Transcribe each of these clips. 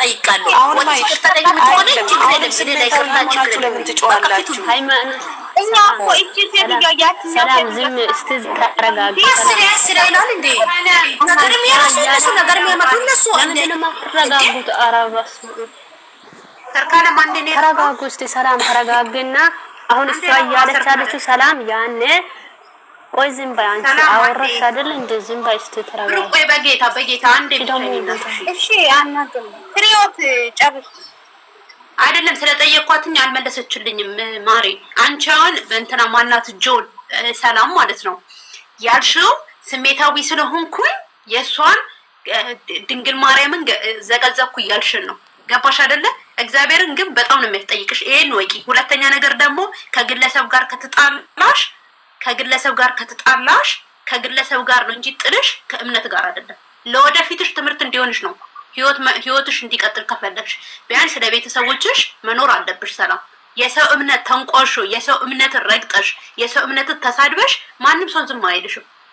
ጠይቃለሁ። ለምን ትጮዋላችሁ? እኛ ሰላም ዝም እስቲ ተረጋጋ። ተረጋጉ እስቲ ሰላም ተረጋግና፣ አሁን እሷ እያለች ያለችው ሰላም ያኔ ቆይ ዝም በይ አንቺ አወራሽ አይደል? እንደ ዝም በይ እስቲ ተረጋጋ። በጌታ በጌታ አንዴ እሺ አናገር ህይወት ጨርስ አይደለም ስለጠየኳትኝ አልመለሰችልኝም። ማሪ አንቺ አሁን በእንትና ማናት ጆን ሰላም ማለት ነው ያልሽው ስሜታዊ ስለሆንኩኝ የእሷን ድንግል ማርያምን ዘቀዘኩ እያልሽን ነው። ገባሽ አይደለ? እግዚአብሔርን ግን በጣም ነው የሚያስጠይቅሽ። ይሄን ወቂ። ሁለተኛ ነገር ደግሞ ከግለሰብ ጋር ከተጣላሽ ከግለሰብ ጋር ከተጣላሽ ከግለሰብ ጋር ነው እንጂ ጥልሽ ከእምነት ጋር አይደለም። ለወደፊትሽ ትምህርት እንዲሆንሽ ነው። ህይወትሽ እንዲቀጥል ከፈለግሽ ቢያንስ ስለ መኖር አለብሽ። ሰላም የሰው እምነት ተንቆሾ፣ የሰው እምነትን ረግጠሽ፣ የሰው እምነትን ተሳድበሽ ማንም ሰው ዝም አይልሽም።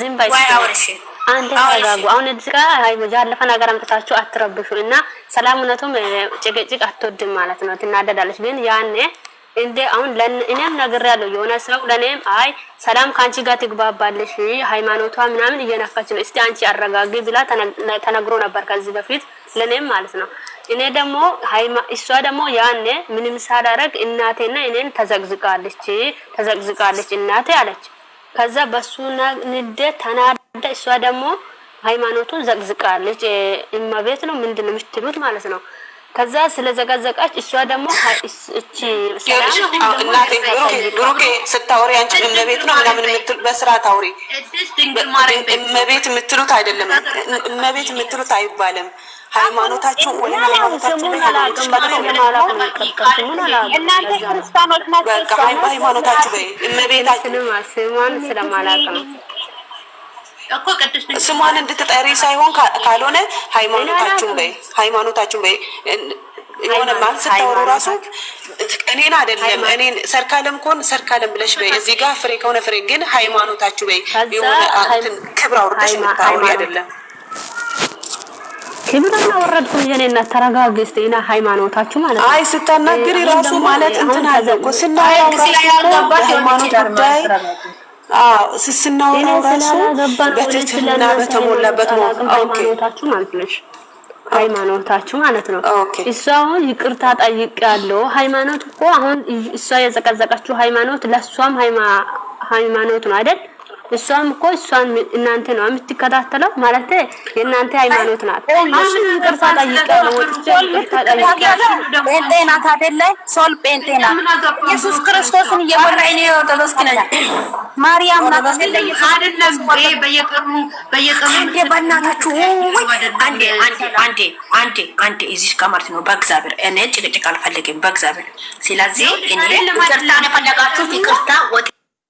ዝም ባይ አንተ ተረጋጉ። አሁን እዚህ ጋር ያለፈ ነገር አምጥታችሁ አትረብሹ እና ሰላምነቱም ጭቅጭቅ አትወድም ማለት ነው። ትናደዳለች ግን ያኔ እንደ አሁን እኔም ያለው የሆነ ሰው ለእኔም አይ ሰላም ከአንቺ ጋር ትግባባለሽ ሃይማኖቷ ምናምን እየነካች ነው፣ እስቲ አንቺ አረጋግ ብላ ተነግሮ ነበር ከዚህ በፊት ለእኔም ማለት ነው። እኔ ደግሞ እሷ ደግሞ ያኔ ምንም ሳላረግ እናቴና እኔን ተዘግዝቃለች ተዘግዝቃለች እናቴ አለች። ከዛ በሱ ንዴት ተናዳ እሷ ደግሞ ሃይማኖቱን ዘቅዝቃለች። እመቤት ነው ምንድን ነው የምትሉት ማለት ነው። ከዛ ስለዘቀዘቃች እሷ ደግሞ እቺ ብሩኬ ስታወሪ አንቺ እመቤት ነው ምናምን የምትሉ በስርዓት አውሪ። እመቤት የምትሉት አይደለም፣ እመቤት የምትሉት አይባልም። ሃይማኖታችሁ ወይም እናንተ ክርስቲያኖች ናቸው። ሃይማኖታችሁ እመቤታችን ስሟን ነው እኮ እንድትጠሪ ሳይሆን ካልሆነ ሃይማኖታችሁን በይ ሃይማኖታችሁን በይ የሆነ ማን ስታወሩ ራሱ እኔን አይደለም እኔን ሰርካለም ከሆን ሰርካለም ብለሽ በይ። እዚህ ጋር ፍሬ ከሆነ ፍሬ ግን ሃይማኖታችሁ በይ። የሆነ ክብር አውርደሽ ምታወሪ አይደለም ኪብራና ወረድኩ የኔ እናት ተረጋጊ እና ሃይማኖታችሁ ማለት ነው። አይ ስታናግሪ ራሱ ማለት እንትን አለ እኮ ስናወራው በትህትና በተሞላበት ሃይማኖታችሁ ማለት ነሽ ሃይማኖታችሁ ማለት ነው። እሷ አሁን ይቅርታ ጠይቄያለሁ። ሃይማኖት እኮ አሁን እሷ የዘቀዘቀችው ሃይማኖት ለእሷም ሃይማኖት ነው አይደል? እሷም እኮ እሷን እናንተ ነው የምትከታተለው ማለት የእናንተ ሃይማኖት ናት። አሁን ይቅርታ ጠይቀው ነው ጴንጤ ናት ሶል ጴንጤ ኢየሱስ ክርስቶስን እየወራ እኔ ኦርቶዶክስ ማርያም ናት አይደለም። በእናታችሁ አንዴ አንዴ አንዴ አንዴ እዚህ ከማለት ነው። በእግዚአብሔር እኔ ጭቅጭቅ አልፈልግም። በእግዚአብሔር ስለዚህ እኔ ይቅርታ ነው የፈለጋችሁት ይቅርታ ወጥ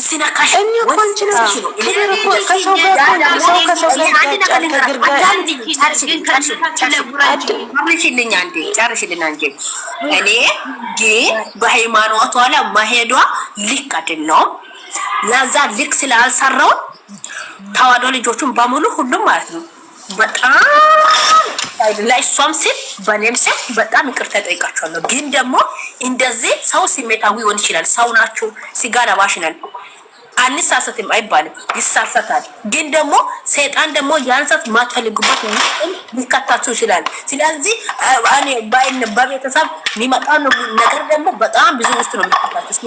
እኔ ግን በሃይማኖቷ ላይ መሄዷ ልክ አይደለውም። ለዛ ልክ ስላልሰራውን ተዋህዶ ልጆቹን በሙሉ ሁሉም ማለት ነው በጣም ለእሷም ስል በእኔም በጣም ይቅርታ ግን ደግሞ እንደዚህ ሰው ስሜታዊ ይሆን ይችላል። ሰው ናችሁ፣ ስጋ ለባሽ ነን። አንሳሳትም አይባልም፣ ይሳሳታል። ግን ደግሞ ሰይጣን ደግሞ ያንሳት ማትፈልጉበት ውስጥም ሊከታችሁ ይችላል። ስለዚህ ባይን በቤተሰብ የሚመጣ ነገር ደግሞ በጣም ብዙ ውስጥ ነው የሚከታችሁ።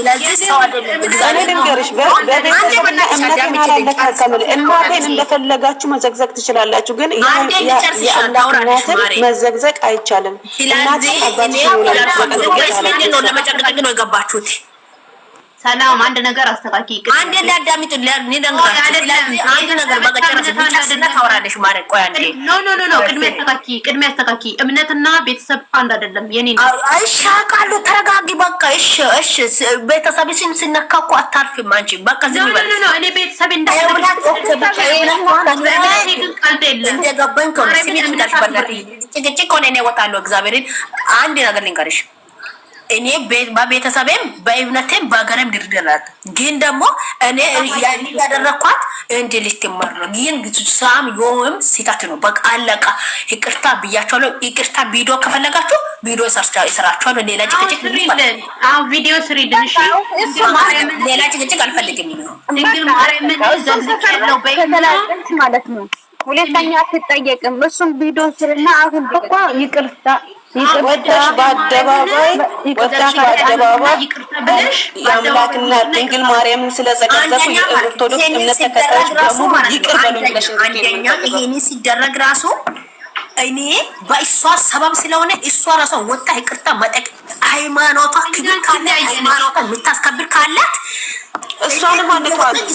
እናቴን እንደፈለጋችሁ መዘግዘግ ትችላላችሁ፣ ግን የአምላክነትን መዘግዘግ አይቻልም። ስለዚህ ነው ለመጨቅጨቅ ነው የገባችሁት ሰላም አንድ ነገር አስተካኪ። አንድ እንዳዳምጥ አንድ ነገር ታወራለሽ ማለት ቆይ፣ አንዴ ኖ ኖ ኖ ቅድሚያ አስተካኪ፣ ቅድሚያ አስተካኪ። እምነትና ቤተሰብ አንድ አይደለም። የኔ ነው። እሺ ተረጋጊ በቃ። እሺ እሺ፣ ቤተሰብሽን ሲነካ እኮ አታርፊም አንቺ። በቃ ዝም በል። ኖ ኖ፣ እኔ ቤተሰብ እንደገባኝ ከሆነ ሲሚት እንዳልሽ በእናትሽ ጭቅጭቅ ሆነ እኔ እወጣለሁ። እግዚአብሔርን አንድ ነገር ልንገርሽ እኔ በቤተሰቤም በእምነቴም በሀገሬም ድርድናት ግን ደግሞ እኔ ያደረግኳት እንዲ ልትመር ነው። ይህን ሳም ዮም ሲታት ነው። በቃ አለቃ። ይቅርታ ብያቸዋለሁ። ይቅርታ ቪዲዮ ከፈለጋችሁ ቪዲዮ ይሰራችኋለሁ። ሌላ ጭቅጭቅ ቪዲዮ ሌላ ጭቅጭቅ አልፈልግም። ድንግል ማለት ነው። ሁለተኛ አትጠየቅም። እሱም ቪዲዮ ስርና አሁን ይቅርታ ወዳሽ በአደባባይ ወዳሽ በአደባባይ የአምላክና ድንግል ማርያምን ስለዘቀዘቁ የኦርቶዶክስ እምነት ተከታዮች በሙሉ ይቅር በሉኝ አንደኛ ይሄን ሲደረግ ራሱ እኔ በእሷ ሰበብ ስለሆነ እሷ ራሷ ወጣ ይቅርታ መጠቅ ሃይማኖቷ ክብር ካለ ሃይማኖቷ የምታስከብር ካላት እሷንም አንተዋትም።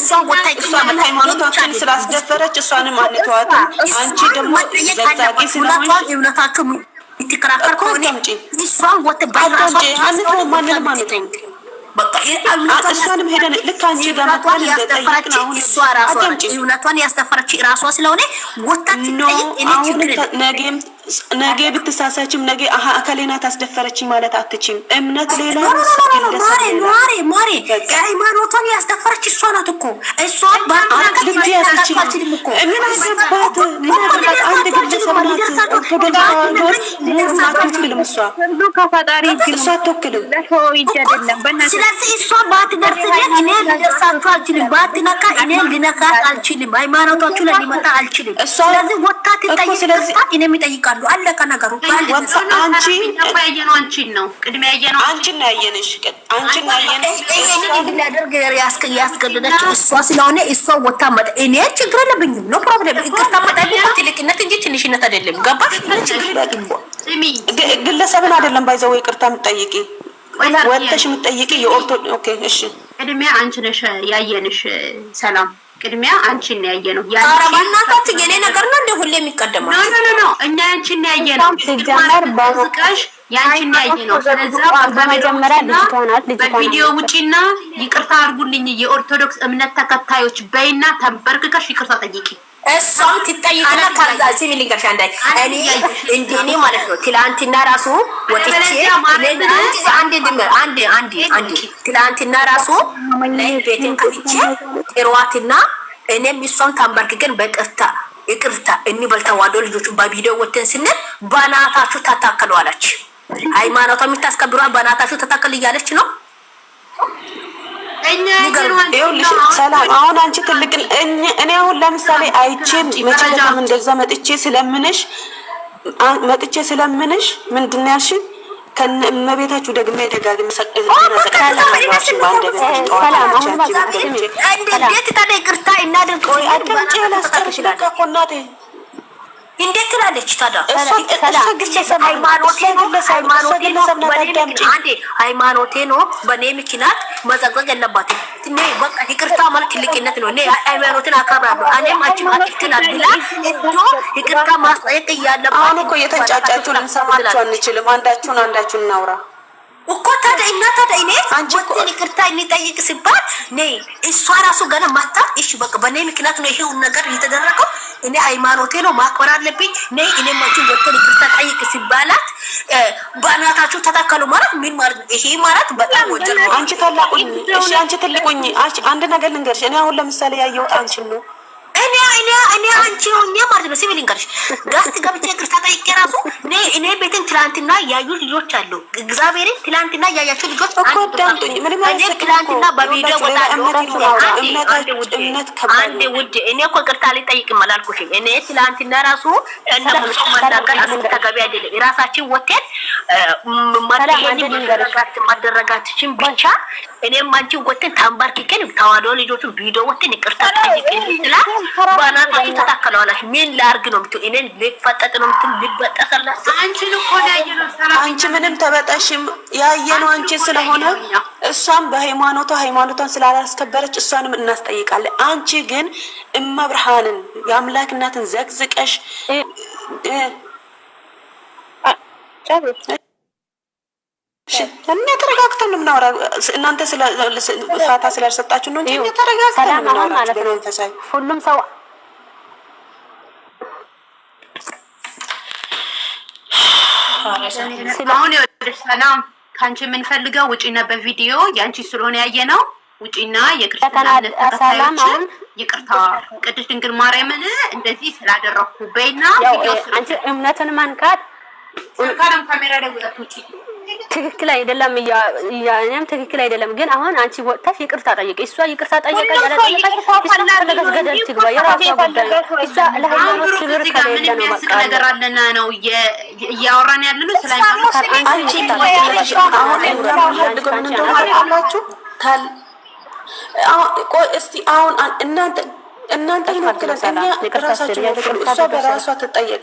እሷንም ሃይማኖታችን ስላስደፈረች እሷንም አንተዋትም። አንቺ ደግሞ ዘዛጌ ስለሆንሽ እውነታችሁ የምትከራከር ከሆነ እሷም ወጥ ባይራሷ እውነቷን ያስደፈረች ራሷ ስለሆነ ወታ ትጠይቅ። እኔ ችግር ነገም ነገ ብትሳሳችም ነገ አካሌና ታስደፈረችኝ ማለት አትችም። እምነት ሌላ ያስደፈረች እሷ ናት እኮ እሷ ምን አልችልም። ሃይማኖታችሁ አልችልም። ስለዚህ ይመጣሉ። አለቀ ነገሩ። ነው ያየነው፣ ያየነሽ፣ እሷ ስለሆነ እሷ ወታ መጣ። እኔ ችግር የለብኝም፣ ነው ፕሮብሌም። ይቅርታ መጣልባት ትልቅነት እንጂ ትንሽነት አይደለም። ገባሽ? ግለሰብን አይደለም ባይዘው ይቅርታ የምጠይቂ ወተሽ የምጠይቂ የኦርቶ ኦኬ፣ እሺ፣ ቅድሚያ አንቺ ነሽ ያየንሽ። ሰላም ቅድሚያ አንቺን ነው ያየ ነው ያረባናታት የኔ ነገር ነው እንደ ሁሌ የሚቀደመው ኖ ኖ ኖ እኛ አንቺን ነው ያየ ነው ሲጀመር ባዝቃሽ ያንቺን ነው ያየ ነው። ስለዚህ በመጀመሪያ ልጅቷናት በቪዲዮ ውጪና ይቅርታ አድርጉልኝ የኦርቶዶክስ እምነት ተከታዮች በይና ተንበርክከሽ ይቅርታ ጠይቂ። እሷም ትጠይቅና ታዛዚ ሚሊንገርሻ እንዳይ እኔ እንዴኔ ማለት ነው። ትላንትና ራሱ ወጥቼ አንድ አንድ አንድ አንድ ትላንትና ራሱ ቤትን ከፍቼ ጥሯትና እኔም እሷም ታንበርክገን በቅርታ ይቅርታ እንበል ተዋህዶ ልጆቹ በቪዲዮ ወተን ስንል በናታችሁ ተታከሉ አለች። ሃይማኖቷ የምታስከብሯ በናታችሁ ተታከል እያለች ነው ሰላም አሁን አንቺ ትልቅ እኔ አሁን ለምሳሌ አይቼ መቼ በጣም እንደዛ መጥቼ ስለምንሽ መጥቼ ስለምንሽ ምንድን ነው ያልሽኝ? ከእመቤታችሁ ደግሜ ደጋግሜ ሰላም አሁን እንዴት ትላለች ታዲያ? ሃይማኖቴ ነው፣ በእኔ ምክንያት መዘቅዘቅ የለባትም። በቃ ይቅርታ ማለት ትልቅነት ነው። ሃይማኖትን አከብራለሁ። እኔም አንቺ ማቅርትናል ብላ እንዶ ይቅርታ ማስጠየቅ እያለባት አሁን እኮ እየተንጫጫችሁን ልንሰማችሁ አንችልም። አንዳችሁን አንዳችሁን እናውራ እኮ ታዲያ እና ታዲያ እኔ ወጥተን ይቅርታ እንጠይቅ ሲባል ኔ እሷ ራሱ ገና ማታ፣ እሺ በቃ በኔ ምክንያት ነው ይሄውን ነገር የተደረገው፣ እኔ ሃይማኖቴ ነው ማክበር አለብኝ፣ ነይ እኔ ማችን ወጥተን ይቅርታ ጠይቅ ሲባላት በእናታችሁ ተተከሉ ማለት ምን ማለት ነው? ይሄ ማለት በጣም ወንጀል አንቺ ታላቁኝ፣ አንቺ ትልቁኝ፣ አንድ ነገር ልንገርሽ፣ እኔ አሁን ለምሳሌ ያየሁት አንቺን ነው እኔ እኔ እኔ አንቺ ሆኜ ማለት ነው ሲቪል እንቀርሽ ጋስት ገብቼ ይቅርታ ጠይቄ ራሱ እኔ እኔ ቤትን ትላንትና ያዩ ልጆች አሉ። እግዚአብሔርን ትላንትና ያያቸው ልጆች እኮ ዳምጡኝ። ምንም አይሰጥ ትላንትና በቪዲዮ ወጣሉ። አንዴ ውድ እኔ እኮ ይቅርታ አልጠይቅም አላልኩሽም። እኔ ትላንትና ራሱ እንደ ሙሉ ማናገር አስብ ተገቢ አይደለም። የራሳችን ወቴት ማደረጋትችን ብቻ እኔም አንቺን ወጥን ተንበርክከን ተዋዶ ልጆቹን ቪዲዮ ወጥን ይቅርታ ጠይቀን ስላ ባናታችሁ ምን ላርግ ነው ምት እኔን ልፈጠጥ ነው ምትሉ? ልበጠሰላችሁ። አንቺን አንቺ ምንም ተበጠሽም ያየነው አንቺ ስለሆነ እሷም በሃይማኖቷ ሃይማኖቷን ስላላስከበረች እሷንም እናስጠይቃለን። አንቺ ግን እመብርሃንን የአምላክ ዘቅዝቀሽ እኛ ተረጋግተን የምናወራ እናንተ ፋታ ስላልሰጣችሁ ነው እንጂ ተረጋግተን የምናወራ በመንፈሳዊ ሁሉም ሰው አሁን ወደ ሰላም ከአንቺ የምንፈልገው ውጪና በቪዲዮ የአንቺ ስለሆነ ያየ ነው። ውጪና የክርስትና እምነት ተከታዮችን ይቅርታ ቅድስት ድንግል ማርያምን እንደዚህ ስላደረግኩ በይና እምነትን መንካት ካለም ካሜራ ላይ ውጪ ትክክል አይደለም። እኔም ትክክል አይደለም። ግን አሁን አንቺ ወጥታሽ ይቅርታ ጠየቀ፣ እሷ ይቅርታ ጠየቀ። ገደል ትግባ፣ የራሷ ጉዳይ። እሷ ለሃይማኖት ክብር ከሌለ ነው በቃ ነገር አለና ነው እያወራን አሁን እናንተ እናንተ እሷ በራሷ ትጠየቅ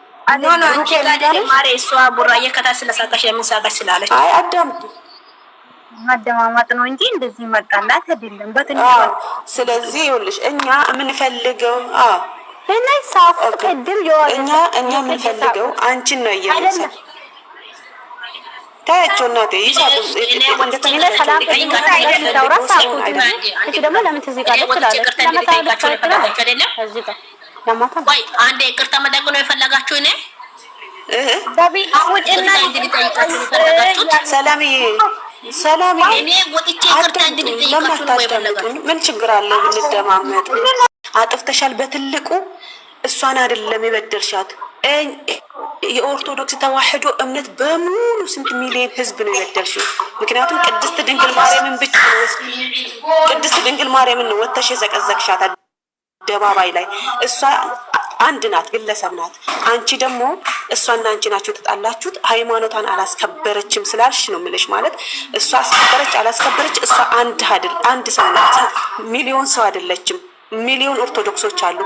ማደማማጥ ነው እንጂ እንደዚህ መጣላት አይደለም። በትንሽ ስለዚህ ይኸውልሽ እኛ የምንፈልገው እኛ እኛ የምንፈልገው አንቺን ነው እየመሰል ታያቸው እናቴ ይሳቁ ደግሞ ለምን ትዝ ይቃለች ትላለች ወይ አንዴ ይቅርታ መጠየቅ ነው የፈለጋችሁ እኔ ሰላምዬ ምን ችግር አለ ብንደማመጥ? አጥፍተሻል በትልቁ እሷን አይደለም የበደልሻት። የኦርቶዶክስ እምነት በሙሉ ስንት ሚሊዮን ህዝብ ነው የበደልሽው። ምክንያቱም ቅድስት ድንግል ማርያምን ብቻ ቅድስት ድንግል ማርያምን ወተሽ የዘቀዘቅሻታል። አደባባይ ላይ እሷ አንድ ናት፣ ግለሰብ ናት። አንቺ ደግሞ እሷና አንቺ ናችሁ ተጣላችሁት። ሃይማኖቷን አላስከበረችም ስላልሽ ነው የምልሽ። ማለት እሷ አስከበረች አላስከበረች፣ እሷ አንድ አድል አንድ ሰው ናት። ሚሊዮን ሰው አይደለችም። ሚሊዮን ኦርቶዶክሶች አሉ።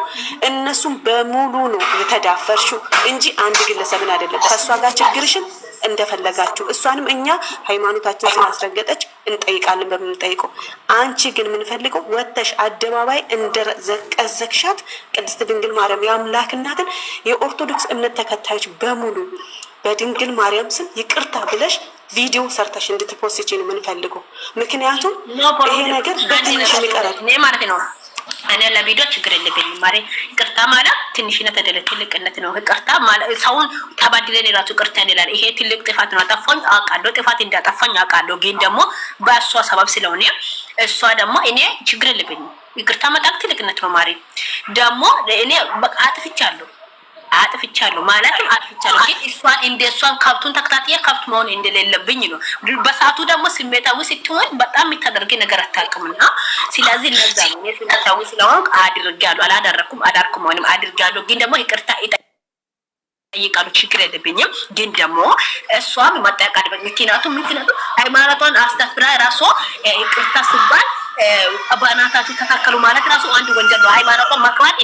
እነሱም በሙሉ ነው የተዳፈርሽው እንጂ አንድ ግለሰብን አይደለም። ከእሷ ጋር ችግርሽን እንደፈለጋችሁ። እሷንም እኛ ሃይማኖታችን ስላስረገጠች እንጠይቃለን በምንጠይቀው። አንቺ ግን የምንፈልገው ወተሽ አደባባይ እንደዘቀዘቅሻት ቅድስት ድንግል ማርያም የአምላክ እናትን የኦርቶዶክስ እምነት ተከታዮች በሙሉ በድንግል ማርያም ስም ይቅርታ ብለሽ ቪዲዮ ሰርተሽ እንድትፖስች የምንፈልገው። ምክንያቱም ይሄ ነገር በትንሽ የሚቀረብ እኔ ማለት ነው። እኔ ለቪዲዮ ችግር የለብኝ ማርያም ቅርታ ትንሽነት አይደለ ትልቅነት ነው። ይቅርታ ሰውን ተባድለን የራሱ ቅርታ ይላል። ይሄ ትልቅ ጥፋት ነው። አጠፋኝ አውቃለሁ፣ ጥፋት እንዳጠፋኝ አውቃለሁ። ግን ደግሞ በእሷ ሰበብ ስለሆነ እሷ ደግሞ እኔ ችግር ልብኝ ይቅርታ መጣቅ ትልቅነት ነው። ማሪ ደግሞ እኔ አጥፍቻለሁ አጥፍቻለሁ ማለትም አጥፍቻለሁ እንደሷን ከብቱን ተከታትዬ ከብት መሆን እንደሌለብኝ ነው። በሰዓቱ ደግሞ ስሜታዊ ስትሆን በጣም የሚታደርግ ነገር አታውቅምና፣ ስለዚህ ለዛ ነው ስሜታዊ ስለሆንክ አድርጋሉ አላደረኩም አዳርኩም ወይም አድርጋሉ ግን ደግሞ ይቅርታ ጠይቃሉ ችግር የለብኝም። ግን ደግሞ እሷም መጠቃድ ምክንያቱም ምክንያቱም ሃይማኖቷን አስተፍራ ራሷ ይቅርታ ስባል በእናታችሁ ተካከሉ ማለት ራሱ አንድ ወንጀል ነው። ሃይማኖቷን ማክባል